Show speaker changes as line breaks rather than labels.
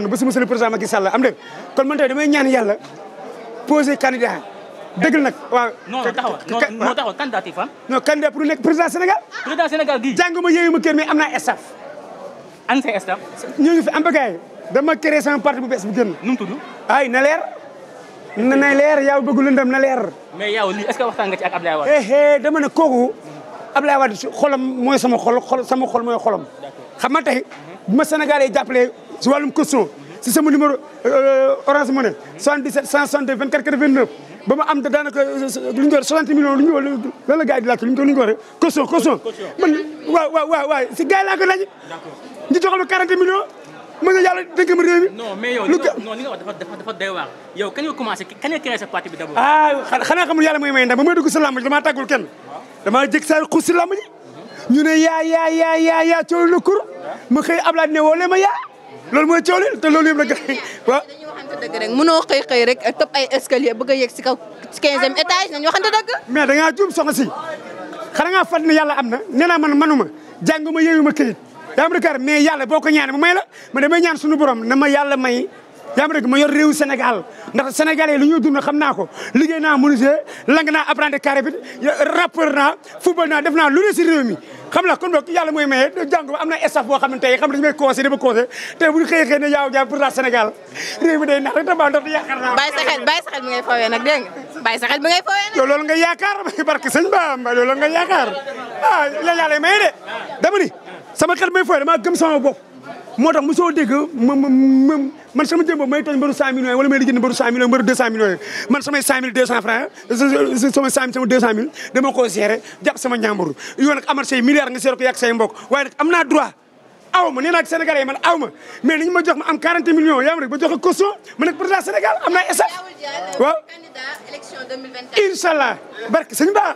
noonu ba si monsieur le président Macky Sall am dégg kon man tey damay ñaan yàlla posé candidat dëgg nag waaw. non non taxawal non taxawal candidatif ah. président Sénégal. jànguma yeewu kër mais am naa staff. an sa staff. fi am ba gars dama créé sama parti bu bees bu génn. nu mu tudd. ay na leer. na na leer yow bëgg lëndam na leer. mais yow lii est-ce que waxtaan nga ci ak Abdoulaye Wade. eh eh dama ne kooku Abdoulaye Wade xolam mooy sama xol xol mooy xolam. xam nga tey ma Sénégalais jàppalee. si wàllum caution si sama numéro euh, orange money 77 162 24 89 ba ma am daanaka lu ñu ko waxee 60 millions lu ñu wala lan la di laajte lu ñu ko lu ñu ko waxee si gars yi laa ko laaj ma 40 millions ma ne yàlla ma réew mi. non mais yow li nga wax dafa dafa sa parti ah, may ndax ba may dugg si làmb ji damaa tàggul kenn ji mhm. ñu ne yaa yaa yaa yaa yaa coono la kur ma xëy Ablaye ne woo lee ma yaa loolu mooy coow te loolu yëpp nag waaw. dañuy waxante dëgg rek mënoo xëy xëy rek topp ay escalier bëgg a yegg si kaw si quinzième étage nañu waxante dëgg. mais da jum juum soxna si xanaa ngaa fat ne yàlla am na nee naa man manuma jànguma ma këyit yaa ma dëkk mais yàlla boo ko ñaanee ma may la ma damay ñaan suñu borom na ma yàlla may yaa ma ma yor réewu Sénégal ndax sénégalais lu ñuy dund xam naa ko liggéey naa menuisier lang naa apprenti carré bi rappeur naa football naa def naa lu ne si réew xam la kon boog yàlla mooy maye jàng ba am na staff boo xam ne tey xam dañu may conseillé dama conseillé tey bu ñu xëyee xëy ne yaaw jaay pour la Sénégal réew mi day nax rek tabaa ndax yaakaar naa bàyyi sa xel bàyyi sa xel bi ngay fawee nag dégg nga bàyyi sa xel bi ngay fawee nag yow loolu nga yaakaar barke sëñ Bamba loolu nga yaakaar ah la yàlla maye de dama ni sama xel may fawee dama gëm sama bopp moo tax mosoo dégg ma man sama jëm boobu may toj mbaru cent millions wala may lijjanti mbaru cent millions mbaru man samay cent mille deux cent francs sama cent mille sama deux cent mille dama koo gérer jàpp sama ñaambur yow nag amal say milliards nga seero ko yàgg say mbokk waaye nag am naa droit aw ma nee naa ak sénégalais yi man aw ma mais nañu ma jox ma am 40 millions yaa ma rek ba joxe caution ma nekk président Sénégal am naa esat waaw incha allah barke sëñ Ba